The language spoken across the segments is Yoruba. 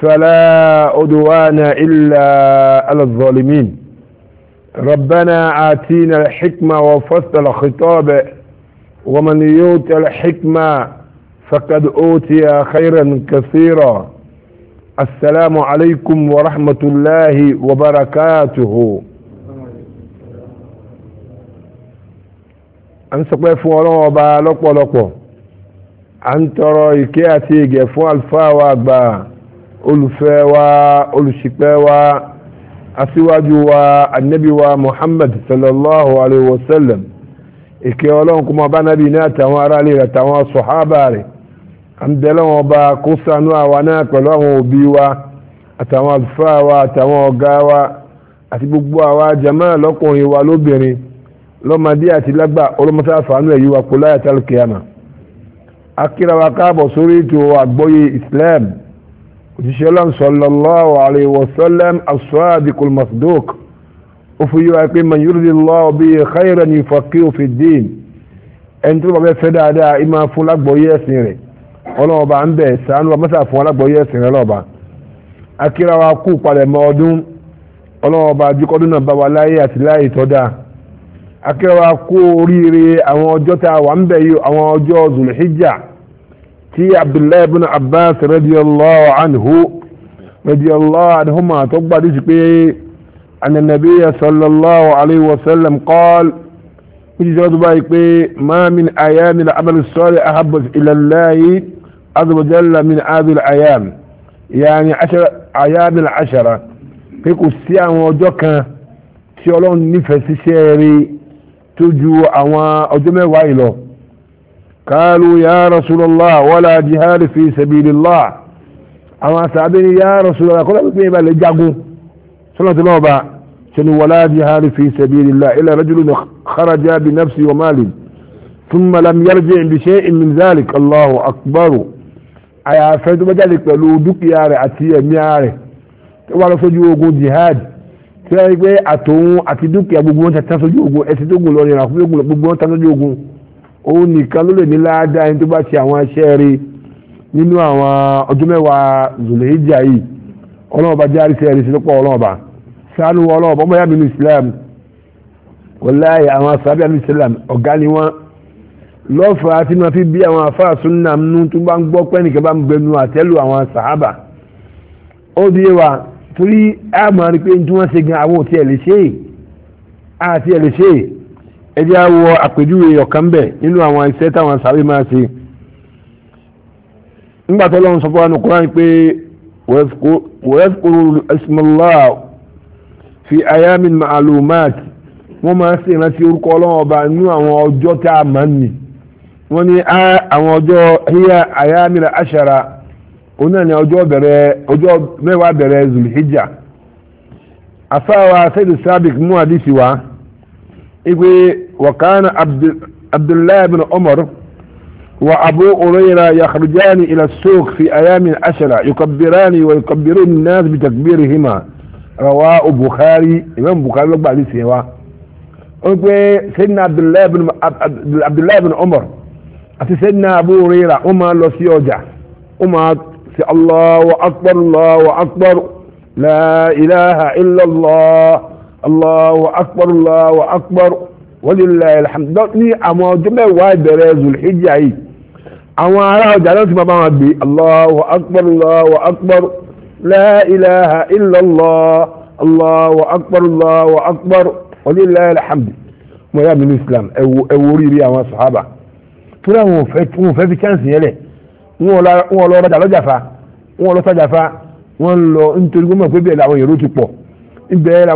فلا عدوان إلا على الظالمين ربنا آتينا الحكمة وفصل الخطاب ومن يوت الحكمة فقد أوتي خيرا كثيرا السلام عليكم ورحمة الله وبركاته à ń sọpẹ́ fún ọlọ́run ọba lọ́pọ̀lọpọ̀ à ń tọrọ olùfẹ́ wa olùṣìpẹ̀ wa aṣíwájú wa anabi wa muhammad sallallahu alayhi wa sallam ìkẹ́ ọlọ́run kúmọ̀ bá nábì ní àtàwọn aráàlú rẹ̀ àtàwọn sọ̀hábà rẹ̀ àǹdẹ̀lọ́wọ̀n ọba kó ṣàánú àwa náà pẹ̀lú àwọn òbí wa àtàwọn àlùfáà wa àtàwọn ọ̀gá wa àti gbogbo àwa jàmáà lọ́kùnrin wa lóbìnrin lọ́mọdé àti lágbà olómọ́sáfàánú ẹ̀yí wa kó láyàtàlùkẹ́ àmà akíra wa káàbọ̀ sórí ètò àgbọ́yé islam òṣìṣẹ́ sallallahu alayhi wa sallam as-sadiqul masduq ó fi yíwa pé man yuridillahu bihi khayran yufaqihu fid-din ẹni tó bá bẹ́ fẹ́ dáadáa ìmọ̀ fún lágbọ̀ọ́yé ẹ̀sìn rẹ̀ ọlọ́ọ̀bá ń bẹ̀ sànú ọmọọ̀sà fún alágbọ̀ọ́yé ẹ̀sìn rẹ̀ lọ́ọ̀bá akírawa kú palẹ̀mọ́ ọdún ọlọ́ọ̀bá jíkọ́dún náà bá wa láyé àti láyé tó dáa akírawa kú oríire àwọn ọjọ́ tá a wà ń bẹ̀ yìí àwọn ọjọ́ zulhijjah tí abdullahi ibn abbas radiyallahu anhu radiyallahu anhuma tó gbàdí sí pé ananabiya sallallahu alayhi wa sallam qal níbi tí wọ́n tó báyìí pé ma min ayami la amal sọ́ọ̀lì ahabbat ilallahi azawajalla min adil ayam yaani ayami la ashara pé kò sí àwọn ọjọ́ kan tí ọlọ́run nífẹ̀ẹ́ sí sẹ́ẹ̀rí tó ju àwọn ọjọ́ mẹ́wàá yìí lọ. قالوا يا رسول الله ولا جهاد في سبيل الله أما سابني يا رسول الله قل أبني بل جاقو صلى الله عليه وسلم ولا جهاد في سبيل الله إلا رجل خرج بنفسه وماله ثم لم يرجع بشيء من ذلك الله أكبر أي أفيد مجالك لو دكيار أتي ميار ولا سجوه جهاد tí wọ́n rí pé يا àti dúkìá gbogbo wọn ti tán sójú ogun ẹ̀sìn tó òun nìkan ló lè ní láàdá ẹni tó bá ṣe àwọn iṣẹ́ rí nínú àwọn ọdún mẹ́wàá zùlẹ́jà yìí ọlọ́run bá járe sí ẹ̀rí sí lọ́pọ̀ ọlọ́run bá sánú ọlọ́run bọ́mọ yá nínú islam wọláyé àwọn sábẹ́ nínú islam ọ̀gá ni wọ́n lọ́fàá tí wọ́n fi bí àwọn afáàsùn náà nínú tó bá ń gbọ́ pẹ́ nìkan bá ń gbẹnu àtẹ́lù àwọn sàhábà ó di wa torí àmọ́ ni pé ní tí wọ́n ṣe gan àwọn òtí ẹ̀ lè ṣe àti ẹ̀ lè ṣe E àwọ àpèjúwe ọ̀kan bẹ̀ nínú àwọn iṣẹ́ táwọn sáré máa ṣe nígbà tó lọ́run sọ fún àwọn pé wẹ́fkúrú fi ayamin ma'alumat wọ́n máa ṣe ìrántí orúkọ ọlọ́run ọba nínú àwọn ọjọ́ tá a máa ń nì wọ́n ní àwọn ọjọ́ hiya ayamin ashara òun náà ni ọjọ́ bẹ̀rẹ̀ ọjọ́ mẹ́wàá bẹ̀rẹ̀ zulhijja sábìk mú àdìsí wa وكان عبد, عبد الله بن عمر وأبو أريرة يخرجان إلى السوق في أيام عشرة يكبران ويكبرون الناس بتكبيرهما رواه بخاري إمام بخاري لقب عليه سيوا سيدنا عبد الله بن عبد الله بن عمر سيدنا ابو Abu Hurairah wọ́n máa lọ sí الله اكبر máa ṣe Allahu akbar Allahu akbar الله اكبر illallah Allahu walillahi alhamdu ní àwọn ọjọ́ mẹ́wàá ìbẹ̀rẹ̀ zulhijja yìí àwọn ará ọjà náà ti máa bá wọn gbé allahu akbar allahu akbar la ilaha illallah allahu akbar allahu akbar walillahi alhamdu mo yà mí ní islam ẹ wo oríire àwọn sàhábà torí àwọn òfin òfin fi chance yẹn lẹ wọn lọ rajà lọ́jà fa wọn lọ sàjà fa wọn lọ nítorí wọn mọ̀ pé bẹ́ẹ̀ làwọn èrò ti pọ̀ ibẹ̀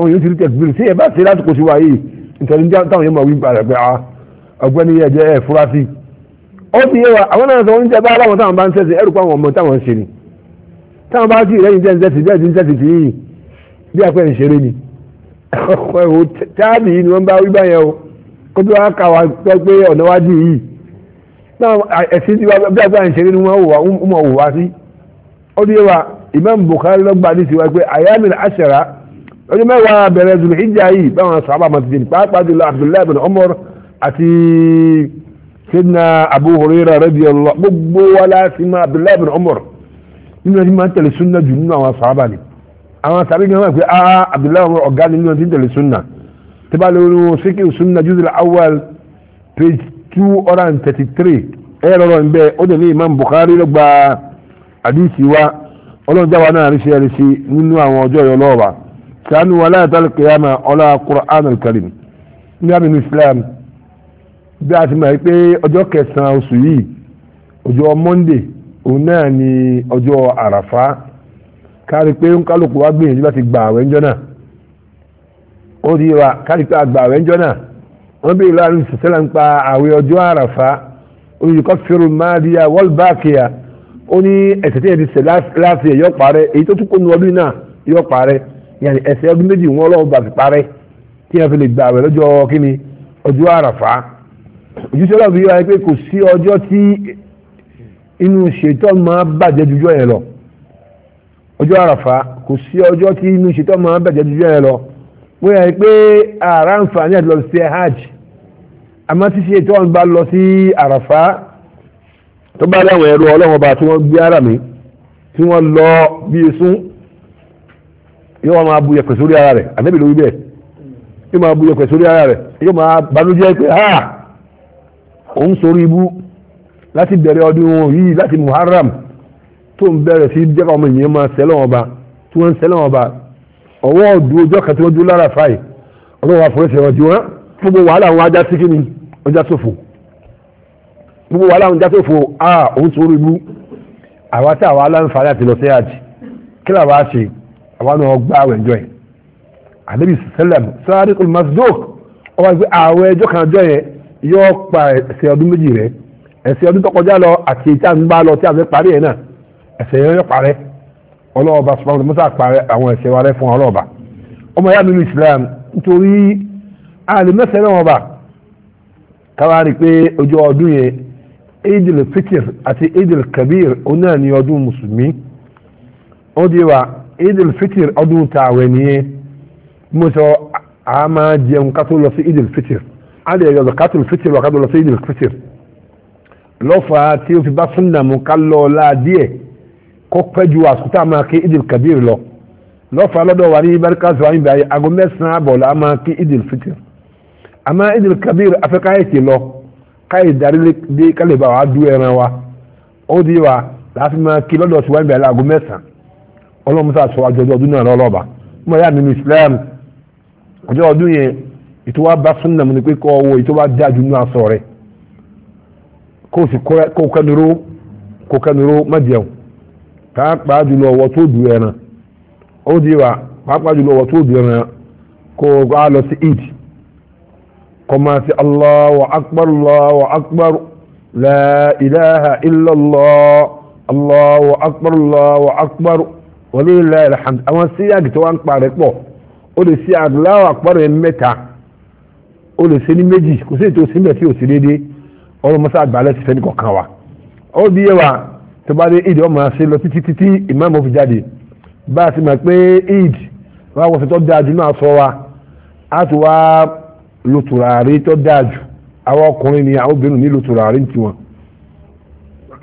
nítorí táwọn yẹn máa wí gbà rẹ̀ pé a ah, ọgbẹ́ni yẹ jẹ́ ẹ̀ furasí ó fi yé wa àwọn náà sọ wọn jẹ bá aláwọ̀ táwọn bá ń sẹ́sìn ẹ̀rù pa àwọn ọmọ táwọn ń ṣe ni táwọn bá sì rẹ́yìn jẹ́ ń sẹ́sìn bẹ́ẹ̀ ti ń sẹ́sìn tì í bí àpẹ́ ń ṣeré ni ọkọ̀ ẹ̀wò táàbì yìí ni wọ́n bá wí báyẹn o kó bí wọ́n á kà wá sọ pé ọ̀nà wá dì yìí táwọn ẹ̀sìn tí wọ́n bí àpẹ́ ń ṣeré ni wọ́n wò wá sí ó fi yé wa Imam Bukhari lọ́gbàdì sí wa pé àyàmì àṣẹ̀rà ọjọ́ mẹ́wàá bẹ̀rẹ̀ zulu ìjà yìí báwọn sọ àbá máa ti dé pàápàá jùlọ abdullahi bin umar àti sidna abu huraira radiyallahu gbogbo wa láti máa abdullahi bin umar nínú ẹni máa ń tẹ̀lé sunna jù nínú àwọn sàábà ni àwọn sàábà gan máa ah, pé ah abdullahi bin ọ̀gá nínú ẹni tí ń tẹ̀lé sunna tí bá lè wọ́n síkì sunna juzul awwal page two hundred and thirty three ẹ̀ rọrọ̀ ń bẹ́ẹ̀ ó dẹ̀ ní imam bukhari ló gba àdìsí wa ọlọ́run jáwa náà rí كانوا ولا القيامة ولا قرآن الكريم ní nínú Islam bí a ti mọ̀ pé ọjọ́ kẹsàn-án oṣù yìí ọjọ́ Monday òun náà ni ọjọ́ àràfá kárí pé ń kálukú wá gbìyànjú láti gba àwẹ̀ ńjọ́ náà ó di wa kárí pé àgbà àwẹ̀ ńjọ́ náà wọ́n bí ìlú àrùn sẹ́lá ń pa àwẹ̀ ọjọ́ àràfá olùyíkọ́ fẹ́rù máa di wọ́ọ̀lù báàkìyà ó ní ẹ̀sẹ̀ tí ẹ̀ ti sẹ̀ láti ẹ̀ yọ̀ parẹ́ èyí tó tún kó nu ọdún náà yọ̀ parẹ́ yàní ẹ̀ṣẹ̀ ọdún méjì wọn Ọlọ́run bá fi parẹ́ tí wọn fi lè gbà wẹ̀ lọ́jọ́ kínní ọjọ́ àràfà ojúṣe Ọlọ́run fi yọ pé kò sí ọjọ́ tí inú ṣètọ́ máa bàjẹ́ jùjọ́ yẹn lọ ọjọ́ àràfà kò sí ọjọ́ tí inú ṣètọ́ máa bàjẹ́ jùjọ́ yẹn lọ wọ́n yà pé ara ń fa ní àti lọ sí hajj àmọ́ tí ṣètọ́ ń bá lọ sí àràfà tó bá dáwọn ẹrú Ọlọ́run bá tí wọ́n gbé ara mi tí wọ́n lọ bí sún yóò máa bu yẹ̀pẹ̀ sórí ara rẹ̀ ànábì ló wí bẹ́ẹ̀ yóò máa bu yẹ̀pẹ̀ sórí ara rẹ̀ yóò máa banújẹ́ pé ha òun sórí ibú láti bẹ̀rẹ̀ ọdún yìí láti muharram tó ń bẹ̀rẹ̀ sí jẹ́ka ọmọ ènìyàn máa sẹ́lẹ̀ wọn ba tí wọ́n ń sẹ́lẹ̀ wọn ba ọwọ́ ọdún ọjọ́ kan tí wọ́n dún lára fáì ọlọ́wọ́ àforíṣẹ́ wọn ti wọ́n gbogbo wàhálà wọn ajá sí ni wọ́n já sófò gbogbo wàhálà wọn já sófò a òun sórí ibú àwa tá àwa aláǹfààní àti lọ sí àjì kí làwa ṣe àwọn náà gbá àwẹ̀ ẹjọ́ yẹn àdébí sẹlẹm sáré kò masdok ọwọ́ ìgbé àwẹ̀ ẹjọ́ kan ọjọ́ yẹn yóò pa ẹsẹ̀ ọdún méjì rẹ ẹsẹ̀ ọdún tó kọjá lọ àti ìta ń bá lọ tí a fẹ́ parí ẹ̀ náà ẹsẹ̀ yẹn yóò parẹ́ ọlọ́ọ̀ba sọ̀rọ̀ mọ́tà parẹ́ àwọn ẹsẹ̀ wa rẹ fún ọlọ́ọ̀ba ọmọ yá nínú Islam nítorí àlè mẹ́sẹ̀ náà ọba káwá rí pé ojú ọdún yẹn idil fikir àti idil kabir onáà ní ọdún mùsùlùmí ó di wa idil fitir ọdún tààwẹ̀ nìyẹn mo sọ a máa jẹun ká tó lọ sí idil fitir a lè yọ zakatul fitir wà ká tó lọ sí idil fitir lọ́fà tí o fi bá súnà mu ká lọ la díẹ̀ kó pẹ́ ju àsùkò tá a máa kí idil kabir lọ lọ́fà lọ́dọ̀ wà ní barika zuwa níbi ayé aago mẹ́sàn-án àbọ̀ la máa kí idil fitir àmọ́ idil kabir afẹ́ká yẹ ti lọ káyì darí dé kálí bá wa du wa ó di wa láti máa kí lọ́dọ̀ tiwa níbi ayé aago mẹ́sàn-án ọlọ́run tá a sọ àjọjọ ọdún náà lọ́lọ́ba mo yà nínú Islam ọjọ́ ọdún yẹn ètò wa bá súnà mu ni pé kọ́ owó ètò wa dájú nínú aṣọ rẹ̀ kó o sì kó o kẹ́nuró kó o kẹ́nuró má jẹun pàápàá jùlọ ọwọ́ tó du ẹran ó di wa pàápàá jùlọ ọwọ́ tó du ẹran kó o lọ sí eid kọ́ máa ṣe Allahu akbar Allahu akbar la ilaha illallah Allahu akbar Allahu akbar walilayi alhamdu àwọn síyáàgì tó wà ń parẹ́ pọ̀ ó lè ṣe àdúláwà pọ̀rọ̀ mẹ́ta ó lè ṣe ní méjì kò sí ètò síbẹ̀ tí ò déédéé ọlọ́ mọ́sá àgbàlẹ̀ ti fẹ́ni kọ̀ọ̀kan wa ó bí yẹ wa tó bá dé ìdí ọmọ ṣe lọ títí títí ìmáàmù fi jáde bá a ti mọ̀ pé eid wà wọ́n fi tọ́ da jù náà sọ wa a ti wá lo tọ́ da jù àwọn ọkùnrin ni àwọn obìnrin ní lo tùràrí tiwọn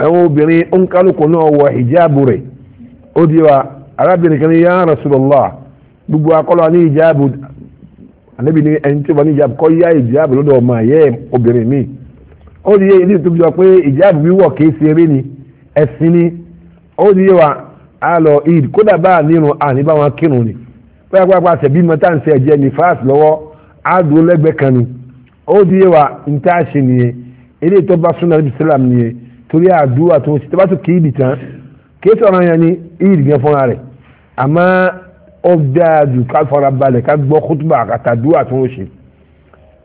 àwọn obìnrin ó ń kálukú náà wọ ìjáàbù rẹ̀ ó di wa arábìnrin kan ní yá rasulallah gbogbo akọ́lọ́ ní ìjáàbù ànábì ní ẹni tí ó bá ní ìjáàbù kọ́ yá ìjáàbù lọ́dọ̀ ọmọ obìnrin mi ó di yé ilé tó pé ìjáàbù wíwọ̀ kìí ṣe eré ni ẹ̀sìn ni ó di yé wa a id kódà bá a nírun àní bá wọn kírun ni pẹ́ẹ́pẹ́ẹ́pẹ́ àtẹ̀bí mọ́tà ń ṣe ẹ̀jẹ̀ ní fáàs kan ni ó wa ṣe nìyẹn ilé bá nìyẹn torí eid yẹn fúnra rẹ̀ àmọ́ ó dáa jù ká fara balẹ̀ ká gbọ́ kútùbà àtàdúrà tó ń ṣe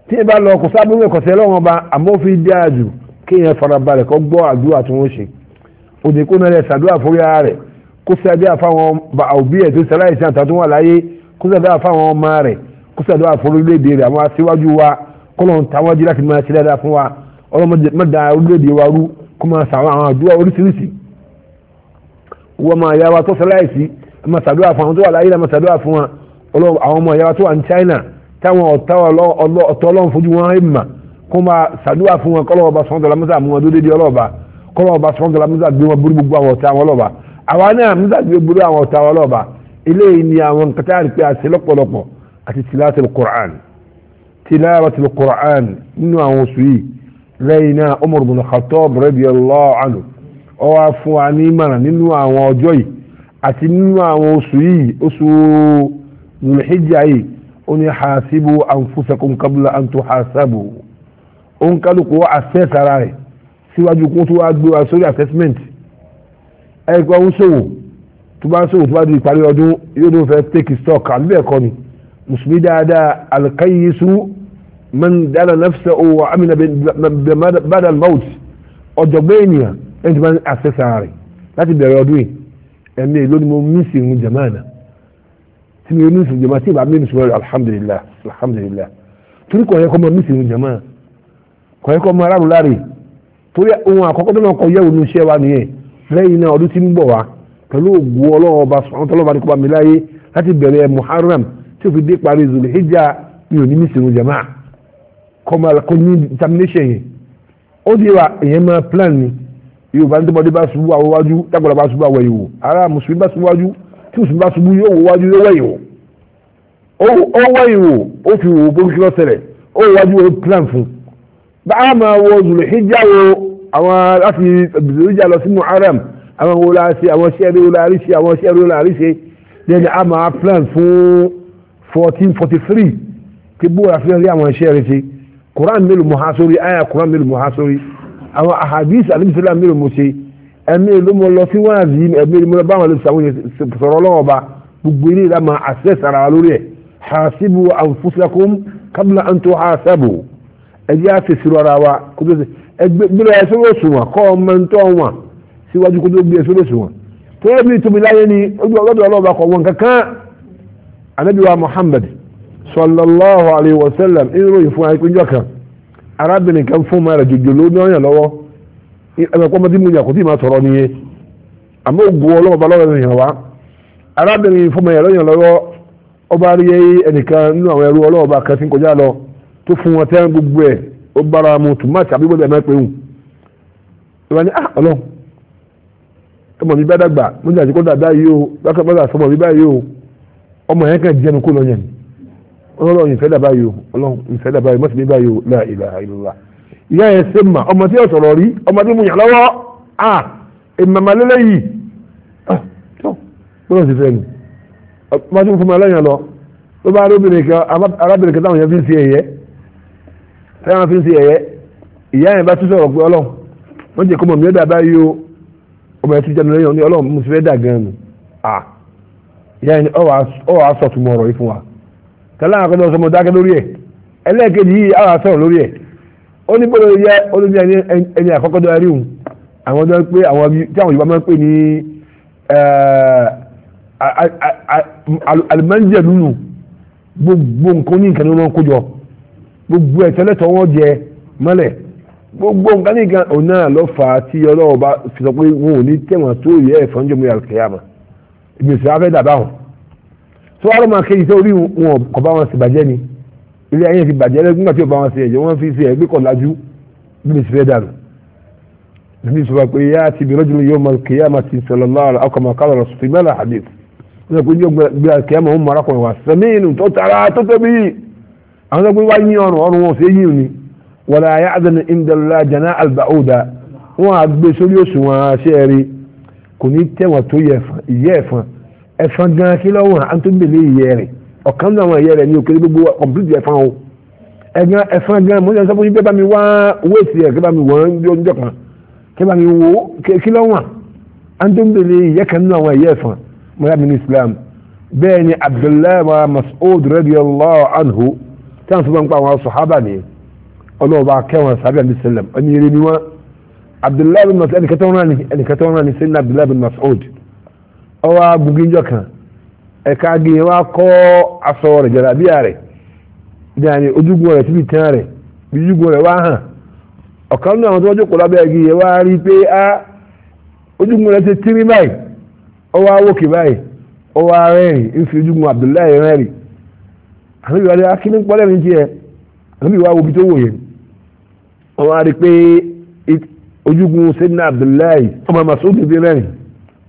tí ẹ bá lọ kò sábúrò kọ̀sẹ́ lọ́wọ́n ọba àmọ́ fi dáa jù kéèyàn fara balẹ̀ kó gbọ́ àdúrà tó ń ṣe òde kó náà lẹ sàdúrà fúri ara rẹ̀ kó sàdúrà fáwọn òbí ẹ̀ tó sẹ́láyìí sí àtàtún wà láyé kó sàdúrà fáwọn ọmọ rẹ̀ kó sàdúrà fún orílẹ̀-èdè rẹ̀ àwọn aṣíwájú wa kọ́lọ́n táwọn jí láti máa ṣe dáadáa fún wa ọlọ́mọdé mọ́ta orílẹ̀-èdè wa rú kó máa sàwọn àwọn àdúrà oríṣiríṣi wọ́n máa yá wa tó sẹ́láìsì masadúrà fún àwọn tó wà láyé náà masadúrà fún wa àwọn ọmọ yá wa tó wà ní China táwọn ọ̀tá ọ̀tọ́ ọlọ́run fojú wọn ẹ̀ mà kó máa sàdúrà fún wọn kọ́lọ́wọ́ bá sọ́ńdọ̀lá mọ́sá mú wọn dúdé ọlọ́ọ̀bá kọ́lọ́wọ́ bá sọ́ńdọ̀lá mọ́sá gbé wọn burú gbogbo àwọn ọ̀tá wọn lọ́ba àwa náà mọ́sá gbé burú àwọn ọ̀tá wọn lọ́ba eléyìí ni àwọn nǹkan tá à lọ́pọ̀lọpọ̀ àti tìlátìl Qur'an tìlátìl Qur'an nínú àwọn ọ wá fún wa ní ìmọ̀ràn nínú àwọn ọjọ́ yìí àti nínú àwọn oṣù yìí oṣù nùlẹ́hìjà yìí ó ní hasibu anfusakum qabla an tuhasabu ó ń kálukú wá assess ara rẹ̀ síwájú kó tó wá gbé wa sórí assessment ẹ̀kọ́ ń ṣòwò tó bá ń ṣòwò tó bá di ìparí ọdún yóò ló fẹ́ take stock àbí kọ́ ni musulmi dáadáa alkayisu man nafsa o amina badal maut ọ̀jọ̀gbọ́n ènìyàn ẹni tí wọ́n àṣẹ sàárè láti bẹ̀rẹ̀ ọdún yìí ẹ̀mí èló ni mo mísì ìhun jamaana tí mi ò mísì jamaana tí ìbá mi mísì wọlé alhamdulilah alhamdulilah torí kò yẹ kó máa mísì ìhun jamaana kò yẹ kó máa aráàlú láre torí ohun àkọ́kọ́ tó náà kọ yẹ̀wò ní iṣẹ́ wa nìyẹn lẹ́yìn náà ọdún tí ń bọ̀ wá pẹ̀lú ògùn ọlọ́run sọ̀rọ̀ tó ó di wa èèyàn máa plan ni yorùbá ní tọmọdé bá ṣubú àwọn wájú tágbàlá bá ṣubú àwọn ìwò ara mùsùlùmí bá ṣubú wájú tí mùsùlùmí bá ṣubú yóò wọ wájú yóò wẹ̀ ìwò ó wẹ̀ ìwò ó fi wò ó kí ló ṣẹlẹ̀ ó wọ wájú ó plan fún bá a máa wọ zùlù hijab wo àwọn láti zùlù hijab lọ sí muharram àwọn wo la ṣe àwọn sẹ́ẹ̀rì wo la rí ṣe àwọn sẹ́ẹ̀rì wo la rí ṣe yẹn ni a máa plan fún fourteen forty three kí bó àwọn ahadis alimusalaam mi ló mo ṣe ẹ̀mí ló mo lọ sí wáàzì ẹ̀mí mo lọ báwọn alẹ́sàwọn sọ̀rọ̀ lọ́wọ́ ba gbogbo ilé ìlà máa àṣẹ sara lórí ẹ̀ hasibu anfusakum kabla an tuhasabu ẹ̀jẹ̀ àfẹsirò ara wa kótó ṣe ẹgbẹ́ gbẹ́rẹ́ ẹ̀ sọ́rọ̀ sùn wọn kọ́ ọmọ ń tọ́ wọn síwájú kótó gbé ẹ̀ sọ́rọ̀ sùn wọn tó yẹ tóbi láyé ni ojú ọlọ́dọ̀ ọlọ́ba kọ̀ wọn kankan anabiwa muhammad sallallahu alayhi wa sallam ìròyìn fún àìpéjọ kan arábìnrin kan fún ọmọ rẹ̀ jòjòló ní ọ̀yàn lọ́wọ́ ẹ̀mẹ̀ pọ́nmọ́ tí mo yà kó tí ma sọ̀rọ̀ nìyẹn àmọ́ ògùn ọlọ́mọba lọ́wọ́ ènìyàn wá arábìnrin fún ọmọ yà lọ́yàn lọ́wọ́ ọba rí ẹnìkan nínú àwọn ẹrú ọlọ́mọba kan tí ń kọjá lọ tó fún wọn tẹ́rán gbogbo ẹ̀ ó bára mu tòmátì àbí gbọ́dọ̀ ẹ̀mẹ́ pẹ́hùn ìwà ni ah, ọlọ́ ọmọ mi bá dàgbà mo ní àtikọ́ dàda yìí o ọlọ́run ìfẹ́ dàbá yìí ọlọ́run ìfẹ́ dàbá yìí mọ́sílẹ̀ báyìí la ilaha illallah ìyá yẹn ṣe mà ọmọ tí yóò sọ̀rọ̀ rí ọmọ tí mo yàn lọ́wọ́ à ìmọ̀mọ̀ lélẹ̀ yìí tó gbọ́dọ̀ sì fẹ́ mi ọmọ tí mo fún mi aláyàn lọ ló bá arábìnrin kan arábìnrin kan táwọn yẹn fi ń ṣe ẹ̀yẹ táwọn fi ń ṣe ẹ̀yẹ ìyá yẹn bá tún sọ̀rọ̀ pé ọlọ́run wọ́n jẹ́ kó mọ̀ mi tẹ́lá àkọ́jọ́ sọmọ dákẹ́ lórí ẹ̀ ẹlẹ́ẹ̀kejì yìí àwọn asọ̀rọ̀ lórí ẹ̀ ó ní gbọ́dọ̀ yẹ olóbi ẹni àkọ́kọ́jọ́ ẹrí hùn àwọn ọjọ́ pé àwọn tí àwọn Yorùbá máa ń pè ní eh, alimẹ́ńjẹ̀ lùnù gbogbo nǹkan ní nǹkan ní wọn kó jọ gbogbo ẹ̀tẹ́lẹ̀tọ̀ wọn jẹ mọ́lẹ̀ gbogbo nǹkan ní nǹkan òun náà lọ fà á tí ọlọ́wọ́ bá fi sọ pé wọn ò ní tẹ̀wọ̀n tó yẹ ẹ̀fọ́njọ́mú yàrá kẹ́yàmà ìgbésẹ̀ afẹ́ dàbà hàn tó wàá lọ́mọ akéyìí tó rí wọn kò bá wọn sì bàjẹ́ ni ilé ayé ti bàjẹ́ lẹ́gbẹ́ nígbà tí ò bá wọn sì ẹ̀jẹ̀ wọ́n fi ṣe ẹ̀gbẹ́ kọ̀ lájú bí mi sì fẹ́ dànù níbi sọ pé yá ti bí rọ́jùlọ yóò máa kéyà máa ti sọ̀rọ̀ lọ́wọ́ ọkọ̀ máa kálọ̀ lọ́sùn fún mẹ́lá hadith ó sọ pé yóò gbé kéyà máa ń mara kọ̀ wá sẹ́mìnì tó tara tó tóbi àwọn sọ pé wá yín ọrùn ọrùn wọn ò sí yín ni wọ́n á àdánù ìndàlá jana albauda wọ́n á gbé sórí òṣùwọ̀n aṣẹ́ẹ̀rí kò ní tẹ̀wọ̀n tó yẹ ẹ̀fọn ẹ̀fọn gan kí lọ́wọ́ à ń tó gbèlè ìyẹ́ rẹ̀ ọ̀kan náà àwọn ìyẹ́ rẹ̀ ní òkèlè gbogbo kọ̀mpútì ẹ̀fọn o ẹ̀gan ẹ̀fọn gan mo ní sọ fún yín pé bá mi wá wéètì ẹ̀ kí bá mi wọ̀n bí oúnjẹ kan kí bá mi wò kí lọ́wọ́ à ń tó gbèlè ìyẹ́ kan náà àwọn ìyẹ́ ẹ̀fọn mọ́lá mi ní Islam bẹ́ẹ̀ ni Abdullahi Mas'ud radiyallahu anhu tí wọ́n sọ fún àwọn sọ̀hábà ni ọlọ́ọ̀bá kẹwọn sábẹ́ àmì sẹ́lẹ̀m ọ ọwọ́ abugunjọ kan ẹ̀ka agi wa kọ́ aṣọ rẹ̀ jàlábíà yanni ojúgun rẹ̀ síbi tán rẹ̀ wá hàn ọ̀kan nínú àwọn tó wọ́n jókòó lábẹ́ igi yẹn wá rí pé a ojúgun rẹ̀ ti tírí báyìí ọwọ́ awókè báyìí ọwọ́ arẹ́rìn ń fi Abdullahi rẹ́rìn àmì akíní pọ́lẹ́ mi tiẹ̀ àmì wo bi tó wò yẹn pé Abdullahi rẹ́rìn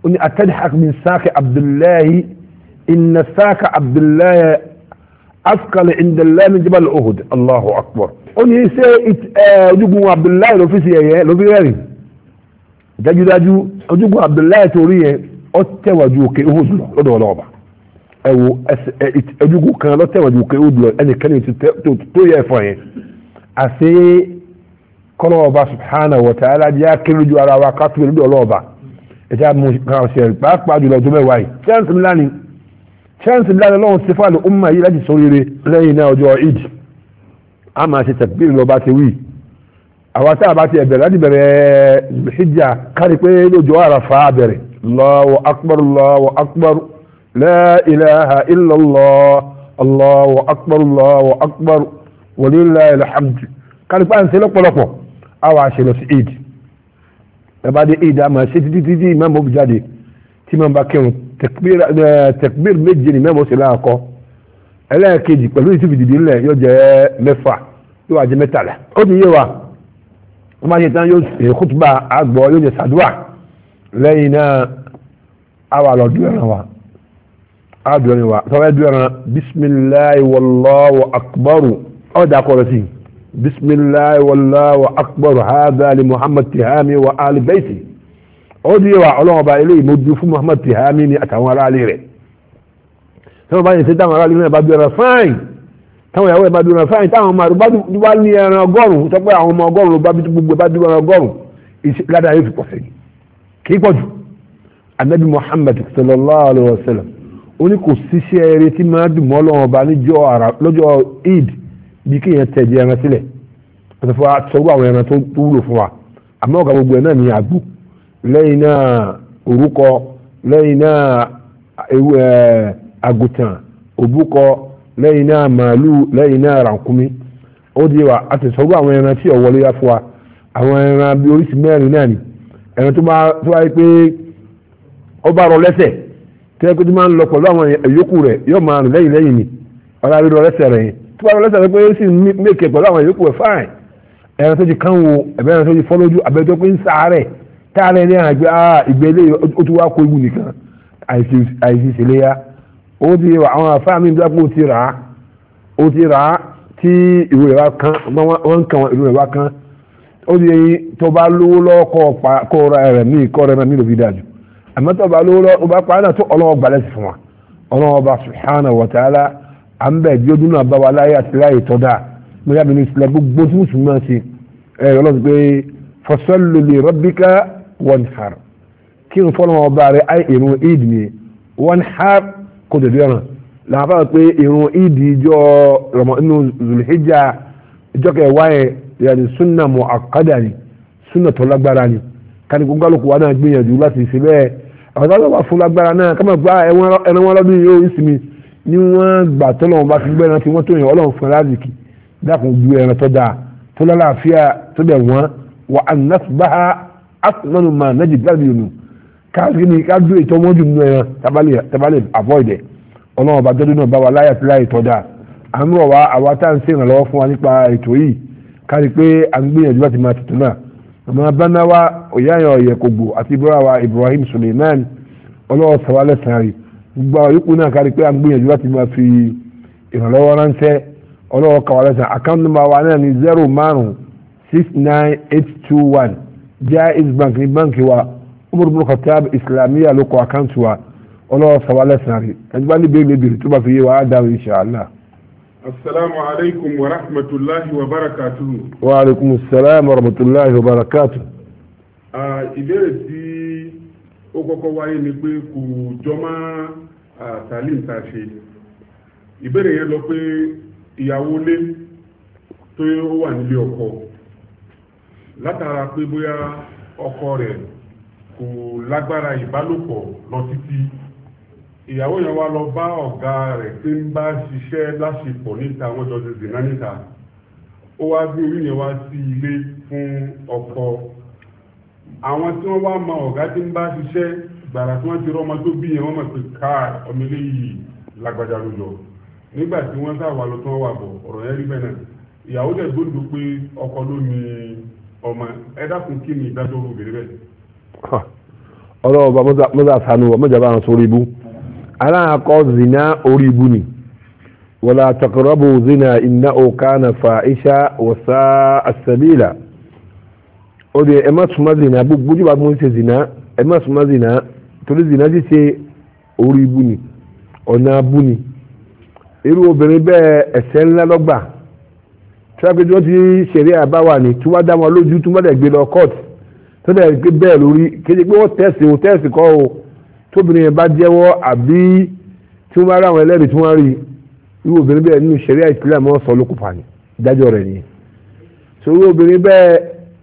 أني أتضحك من ساق عبد الله إن ساق عبد الله أثقل عند الله من جبل أهد الله أكبر أني سيئت أجوب عبد الله لو في سيئة لو في غيري dájú dájú ojúgbò Abdullahi torí yẹn ó tẹ̀wájú òkè Uhud lọ lọ́dọ̀ ọlọ́ọ̀bà ẹ wo ojúgbò kan lọ tẹ̀wájú òkè Uhud lọ ẹnìkan tó yẹ ẹ̀fọ́ yẹn àti kọ́lọ́ọ̀bà subhanahu wa ta'ala jẹ́ akérèjú ara wa ká tó lọ́dọ̀ ọlọ́ọ̀bà ẹja mu kan ṣe rí pàápàá jùlọ ọjọ́ mẹ́wàá yìí chance ńlá ni chance ńlá ni ọlọ́run ṣe fáàlì umma yìí láti sọ rere lẹ́yìn náà ọjọ́ eid a máa ṣe tẹ̀gbìn lọ́ba ti wí àwa tá a bá ti ẹ̀bẹ̀rẹ̀ láti bẹ̀rẹ̀ hijja kárí pé lójó àràfà bẹ̀rẹ̀ Allahu akbar Allahu akbar la ilaha illallah Allahu akbar Allahu akbar walillahil kárí ẹ̀bá dé ìdá máa ṣe títí títí ìmáàmù ó jáde tí máa bá kírun tẹ̀kbír méje ni mẹ́mọ́ sí láàkọ́ ẹlẹ́ẹ̀kejì pẹ̀lú ìtìbí dìde ńlẹ̀ yóò jẹ́ mẹ́fà yóò wá jẹ́ mẹ́tàlá ó ti yé wa wọ́n máa ṣe tán yóò ṣe kútùbà àgbọ̀ yóò jẹ́ sàdúà lẹ́yìn náà àwa lọ dúró wa àdúró wa sọ fẹ́ dúró ẹran bisimilayi wàlláhu akbaru ọ̀dà kọ̀ọ̀rọ̀ sí i. بسم الله والله وأكبر هذا لمحمد تهامي وآل بيته أودي وعلوم بإلي مدفو محمد تهامي ni àtàwọn ará ilé rẹ̀ táwọn bá yẹn ṣe táwọn ará ilé náà bá bí ọ̀rọ̀ fáìn táwọn ìyàwó ẹ̀ bá bí ọ̀rọ̀ fáìn táwọn ọmọ rẹ̀ bá ní ẹran ọgọ́rùn-ún tó pé àwọn ọmọ ọgọ́rùn-ún bá bí gbogbo bá bí ẹran ọgọ́rùn-ún ládàá yóò fi pọ̀ sí i kì í pọ̀ jù anabi Muhammad sallallahu alayhi wa sallam ó ní kò síṣẹ́ eré tí máa dùn mọ́ lọ́wọ́ ọba lọ́jọ́ Eid bí kí èèyàn tẹ̀ di ẹran fún wa sọ̀rọ̀ àwọn ẹran tó wúlò fún wa àmọ́ ọ̀gá gbogbo ẹ náà ní àgbò náà orúkọ lẹ́yìn náà àgùtàn òbúkọ náà màálù lẹ́yìn náà rànkúmi ó di wa àti àwọn ẹran tí yá fún wa àwọn ẹran bíi oríṣi náà ni ẹran tó wáyé pé tó bá lọ́sẹ̀ pé ó sì mèkè pẹ̀lú àwọn ìyókù ẹ̀ fáìn ẹran tó ti kán wo ẹ̀bẹ̀ ẹran tó ti fọ́lójú abẹ́jọ́ pé ń sàárẹ̀ táàrẹ̀ ní àgbẹ̀ ah, ìgbélé ó ti wá kó ewu nìkan àìsí ìṣẹ̀lẹ̀yà ó ti wà àwọn afá mi nígbà pé ó ti rà á ó ti rà á tí ìwé rẹ̀ wá kán wọ́n ń kan ìlú rẹ̀ wá kán ó di eyín tó bá lówó lọ́wọ́ kọ́ ọ̀rọ̀ ẹ̀rẹ̀ míì kọ́ ọ̀rọ̀ ẹ̀rẹ̀ míì ló fi dájú àmọ́ tó bá lówó lọ́wọ́ bá pa á náà tó ọlọ́wọ́ gbalẹ̀ sí fún wa ọlọ́wọ́ bá subhanahu wa ta'ala à ń bẹ̀ jójú náà bá wa láyé àti láyé tọ́da mo yá mi ní ìsìlẹ̀ gbogbo tí mùsùlùmí náà ṣe ẹ ọlọ́run pé fasalli li rabbika wanhar kí n fọ́nà ọba rẹ̀ áì ìrun ìdì ni wanhar kò dẹ̀ dẹ́ràn làbá pé ìrun ìdì ìjọ rọmọ inú zulhijja ìjọ kẹwàá yẹn yàrá sunna mu'akkada ni sunna tó lágbára ni kani kó gbàlùkù wa náà gbìyànjú láti ṣe bẹ́ẹ̀ àwọn táwọn bá fún lágbára náà ká gba ẹran wọn lọ́dún yìí ó ìsinmi Ni wọ́n gbà tọ́lọ́wọ́n bá fi gbọ́ ẹran tí wọ́n tó yàn ọlọ́run fún aláàzìkì dákun ju ẹran tó dáa tó lálàáfíà tó dẹ̀ wọ́n wà á nàṣùbáhà àtúnmọ́nù máa nájì gbàgbé ònù káàkiri ni ká dúró ìtọ́ wọn jù nínú ẹran tabalẹ̀ avoid ẹ̀ ọlọ́run bá dọ́dún náà bá wa láyà tí láyè tọ́ dáa à ń rọ̀ wá àwa tá à ń ṣe ìrànlọ́wọ́ fún wa nípa ètò yìí kárí pé à ń gbìyànjú láti máa tuntun náà àmọ́ abánáwá òyà yẹn ọ̀yẹ̀kọ̀gbò àti ibrahima Ibrahim Suleiman ọlọ́wọ́ sàwálẹ̀ sàárì gbogbo àwọn yòókù náà kárí pé à ń gbìyànjú láti máa fi ìrànlọ́wọ́ ránṣẹ́ ọlọ́wọ́ kàwá àkáǹtì nọ́mbà wa náà ní zero márùn six nine eight two one jaiz bank ní báǹkì wa umar bin khatab ló kọ àkáǹtì wa ọlọ́wọ́ sàwá rí ẹgbẹ́ níbi èlé bèrè tó bá fi yé wa á dáhùn inṣàlá. السلام عليكم ورحمة الله وبركاته وعليكم السلام ورحمة الله وبركاته آه ó kọ́kọ́ wáyé ni pé kò jọ mọ́ àtàlí nta ṣe ìbéèrè yẹn lọ pé ìyàwó lé tó wà nílé ọkọ látara pé bóyá ọkọ rẹ̀ kò lágbára ìbálòpọ̀ lọ títí ìyàwó yẹn wá lọ bá ọ̀gá rẹ̀ ń bá ṣiṣẹ́ láṣepọ̀ níta wọ́n jọ ti dènà níta ó wá fún ọkọ àwọn tí wọ́n wá ma ọ̀gá tí ń bá ṣiṣẹ́ gbàrà tí wọ́n ti rọ́mọ tó bí yẹn wọ́n mọ̀ pé káà ọmọ eléyìí lágbájá ló jọ nígbà tí wọ́n sá wà lọ tí wọ́n wà bọ̀ ọ̀rọ̀ yẹn rí bẹ́ẹ̀ náà ìyàwó dẹ̀ gbódò pé ọkọ ló ní ọmọ ẹ dákun kí ni ìdájọ́ obìnrin bẹ́ẹ̀. ọlọ́wọ́ bá mọ́tà sanu wa mọ́jà bá wọn sórí ibú aláàkọ́ zina orí ibú ni wàlá taqrabu zina innahu kana fa'isha wa sa'a as-sabila o de ẹ má súnmọ́ zina gbogbo bá mú ṣe zina ẹ má súnmọ́ zina torí zina ti ṣe orí ibu ni ọ̀nà abu ni irú obìnrin bẹ́ẹ̀ ẹ̀ṣẹ̀ ńlá lọ́gbà tí wọ́n pe tí wọ́n ti ṣeré àbáwá ni tí wọ́n dá wọn lójú tí wọ́n dẹ̀ gbé lọ court tó dẹ̀ gbé bẹ́ẹ̀ lórí kéde pé wọ́n tẹ̀sí o tẹ̀sí kọ́ o tóbìnrin yẹn bá jẹ́wọ́ àbí tí wọ́n bá rí àwọn ẹlẹ́rìí tí wọ́n rí irú obìnrin bẹ́ẹ̀ nínú ṣeré àìsílẹ̀ mọ́ sọ lókùnfà ni ìdájọ́ rẹ̀ nìyẹn so irú obìnrin bẹ́ẹ̀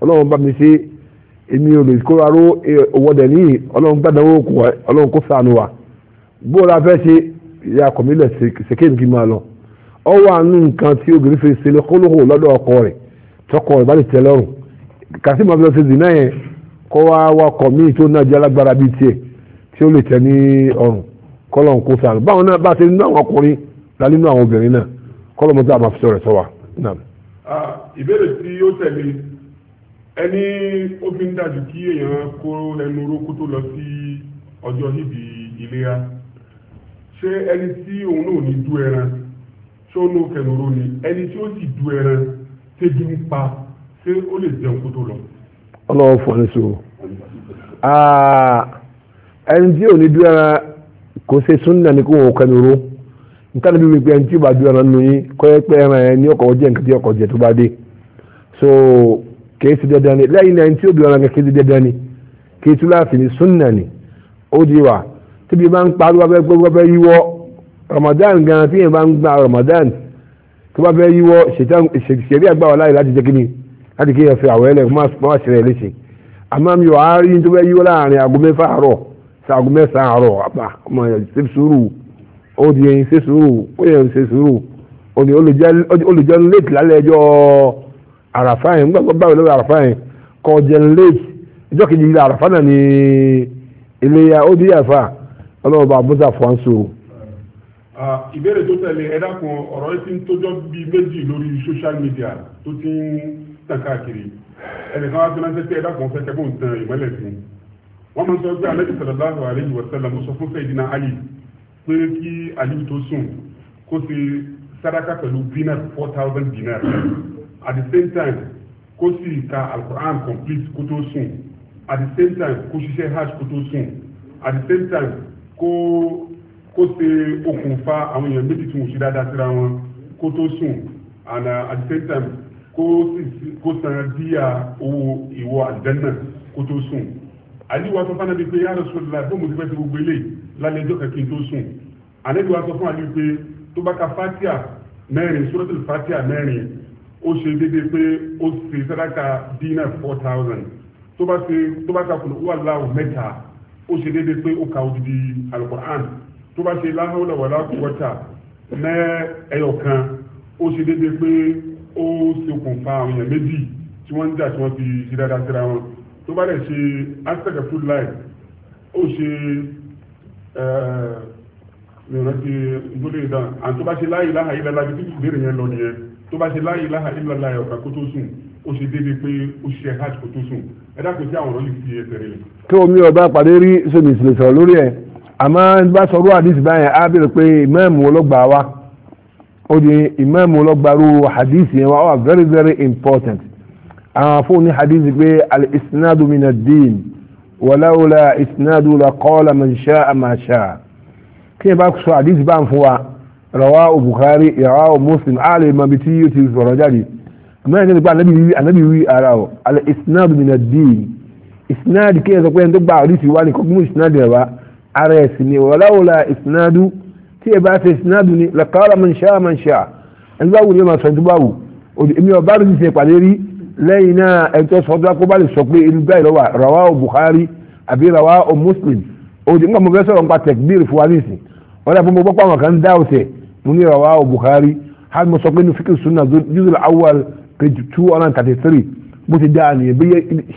ọlọ́run bá mi ṣe èmi ò lè kóra ró e, níyì ọlọ́run gbàdánwó kù wá ọlọ́run kó sànù wá fẹ́ ṣe ìyá kọ̀mílẹ̀ máa lọ ọ wà nù nǹkan tí obìnrin fi ṣe lọ́dọ̀ ọkọ rẹ̀ tọkọ rẹ̀ bá lè màá fi lọ yẹn wá wá tó náà alágbára bíi tiẹ̀ tí ó lè ní ah, ìbéèrè tí ó ẹni obìnrin dájú kí èèyàn kó ẹnu orókú tó lọ sí ọjọ́ níbi ìlera ṣé ẹni tí òun náà ní dú ẹran ṣé ó ní kẹnu oró ni ẹni tí ó sì dú ẹran tẹ́bi ń pa ṣé ó lè jẹun kó tó lọ. ọlọ́wọ́ fún ẹni sọ ẹni tí ò ní dú ẹran kò ṣe súnà ní kó wọn kẹnu oró nǹkan níbi wípé ẹni tí ò bá dú ẹran nù yín kọ́ ẹ pé ẹran yẹn ní ọkọ̀ jẹ́ nǹkan tí ọkọ̀ jẹ́ tó bá dé so kìí ṣe dandan ni lẹ́yìn náà tí obìnrin ọ̀ràn kìí ṣe dandan ni sunna ni ó di wa tíbi bá ń parí wá fẹ́ gbogbo fẹ́ yíwọ́ Ramadan gan tí yẹn bá ń gba Ramadan tó bá fẹ́ yíwọ́ ṣèṣẹ́rí àgbà wà láyé láti jẹ́ kí ni láti kí yẹn fi àwọ̀ ẹlẹ́ má ṣe rẹ̀ léṣe àmọ́ mi ò á rí tó fẹ́ yíwọ́ láàrin aago mẹ́fà àárọ̀ sí aago mẹ́sàn-án àárọ̀ àpá ọmọ yẹn ṣe sùúrù ó di yẹn ṣe sùúrù ó yẹn late lálẹ́ àràfà yẹn nígbà tó báwo lórí àràfà yẹn kọjá late ìjọ kejì ilé àràfà náà ní iléyà ó dí àfà ọlọ́run bá abúlé àfọwọ́n so. ìbéèrè tó tẹ̀lé ẹ dákun ọ̀rọ̀ yìí ti ń tójọ́ bíi méjì lórí social media tó ti ń tàn káàkiri ẹnìkan wá fi ránṣẹ́ pé ẹ dákun fẹ́ kẹ́kọ̀ọ́ ń tan ìmọ́lẹ̀ sí i wọ́n máa ń sọ pé alẹ́ sallallahu alaihi wa sallam sọ fún Sayyidina Ali pé kí Ali tó sùn kó ṣe sàdákà pẹ̀lú dinar four thousand dinar at the same time kó sì ka alukur'an complete kó tó sùn at the same time kó ṣiṣẹ́ hajj kó tó sùn at the same time kó kó ṣe okùnfà àwọn èèyàn méjì tí wọ́n ṣe dáadáa síra wọn kó tó sùn and uh, at the same time kó sì kó san díà owó ìwọ àjẹ́nà kó tó sùn àdìwà sọ fún àdìpé yàrá sọdọ̀lá bó mo ti fẹ́ ṣe gbogbo eléyìí lálẹ́ ẹjọ́ kẹ́kẹ́ tó sùn àdìwà sọ fún àdìpé tó bá ka fatia mẹ́rin suratul fatia mẹ́rin ó ṣe déédéé pé ó ṣe sàdákà dínà four thousand tó bá ṣe tó bá kakùn wà láwù mẹ́ta ó ṣe déédéé pé ó ka odidi alukur'an tó bá ṣe láhàwùlà wàlá kúwọ́tà ní ẹyọ kan ó ṣe déédéé pé ó ṣokùnfà àwọn èèyàn méjì tí wọ́n ń jà tí wọ́n fi ṣe dáadáa síra wọn tó bá dẹ̀ ṣe aspect food life ó ṣe ìrántí eh, ìdúró ìdáhùn àti tó bá ṣe láyé láhàyè lẹ́la bí tí ìbéèrè yẹn lọ nìyẹn tó bá ṣe la ilaha illallah ọ̀kà kó tó sùn ó ṣe déédéé pé ó ṣe hajj kó tó sùn ẹ dákun sí àwọn yìí fi ẹsẹ̀ rẹ̀. kí omi ọba pàdé rí sèmi ìsìlẹ̀ sọ̀rọ̀ lórí ẹ̀ àmọ́ bá sọ̀rọ̀ àdìsí báyẹn á bèrè pé ìmáàmù ọlọ́gbà wa ó di ìmáàmù ọlọ́gbà ru àdìsí yẹn wa ó wà very very important àwọn afọ́ni àdìsí pé al-isnadu min ad-din walaula isnadu la qala man sha'a ma sha'a kí ẹ bá sọ àdìsí bá ń fún wa rawa Bukhari rawa Muslim ali ma bi ti yóò ti sọ̀rọ̀ jáde mẹ́rin ní nípa anabi wí anabi wí ara o ala isnad min ad-din isnad kí ẹ sọ pé ẹni tó gba àdìsí wa ni kọ́kúmù isnad rẹ̀ wá ara ẹ̀ sì ni wàláwòlá isnad tí ẹ bá ṣe isnad ni laqala man sha'a man sha'a ẹni bá wù ni ẹ máa sọ tó bá wù èmi ọba rẹ̀ ti ṣe pàdé rí lẹ́yìn náà ẹni tó sọ tó bá lè sọ pé inú báyìí lọ́wọ́ rawa Bukhari àbí rawa Muslim òdì nígbà mo fẹ́ sọ̀rọ̀ nípa tẹ̀kbír fún wa nísìn wọ́n dà mo ní rawahu Bukhari hali mo sọ pé ní fiqh sunna juzul awwal page two hundred and thirty three bó ti dáa nìyẹn bí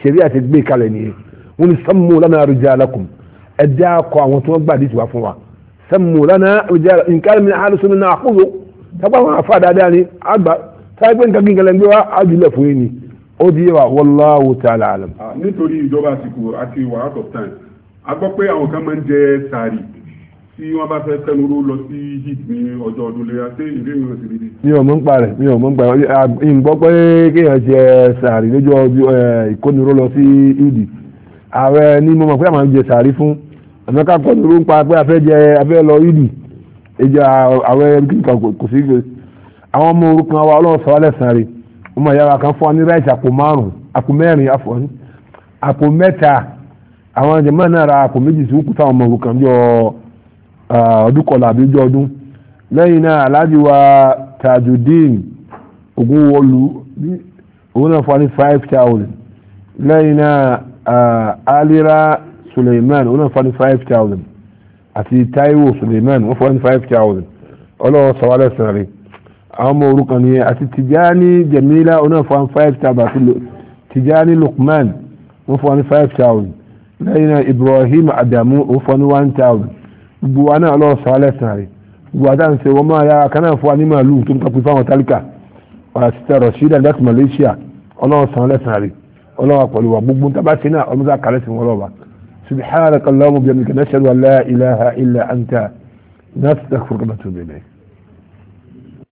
sẹ̀ríà ti gbé kalẹ̀ nìyẹn wọ́n ní sammu lana rijalakum ẹ dá kọ àwọn tí wọ́n gbà dé tiwa fún wa sammu lana rijalakum nǹkan mi àlọ́ sọ́nà náà àkóso sábà wọn àfa dáadáa ni àgbà sáyé pé nǹkan kíkan lẹ́gbẹ́ wa àjùlẹ̀ fún yín ni ó di wa wallahu ta'ala alam. Ah, nítorí ìjọba àsìkò àti wàhálà of time a gbọ́ pé àwọn kan máa ń jẹ sàárì tí wọ́n bá fẹ́ kẹnu lọ sí Egypt ní ọjọ́ ọdún léyà ṣé ìlú ìrìn sí ríbi. mi ò mọ̀ ń pa rẹ̀ mi ò mọ̀ ń pa rẹ̀ ǹgbọ́ pé kéèyàn ṣe eh, sàárì lójó eh, ìkóniró lọ sí ìdì ààrẹ ní mo mọ̀ pé àwọn jẹ sàárì fún àmọ́ká kọ́niró ń pa pé afẹ́ jẹ afẹ́ lọ ìdì ìjà ààrẹ kíkan kò sí gbé àwọn ọmọ orúkọ wa ọlọ́run sọ wálẹ̀ sàárì ọmọ ìyá kan fún wa àpò márùn àpò àpò ra àpò méjì sí òkúta Ah, ọdún kọlà àbíjọ ọdún lẹ́yìn náà alhaji wa tajudeen ogunwolu òun náà fún five thousand lẹ́yìn náà ah, alira suleiman òun náà fún five thousand àti taiwo suleiman wọ́n fún five thousand ọlọ́wọ́ sọ̀wálẹ̀ sẹ̀rẹ̀ àwọn ọmọ orúkọ nìyẹn àti tijani jamila òun náà fún five thousand àti tijani lukman wọ́n fún five thousand lẹ́yìn náà ibrahim adamu òun fún one thousand gbogbo wa náà lọ́wọ́ sọ́ọ́ lẹ́sìn rẹ̀ gbogbo wa dáhùn sí wọ́n máa yára kan náà fún wa ní màálù tó ń tọ́pẹ́ fáwọn tálíkà wàá síta rọ̀ṣídà láti Malaysia ọlọ́wọ́ sọ́ọ́ lẹ́sìn rẹ̀ ọlọ́wọ́ pẹ̀lú wa gbogbo tábà sí náà ọlọ́wọ́ kàlẹ́ sí wọn lọ́wọ́ subhanaka Allahumma bihamdika nashhadu an la ilaha illa wa natubu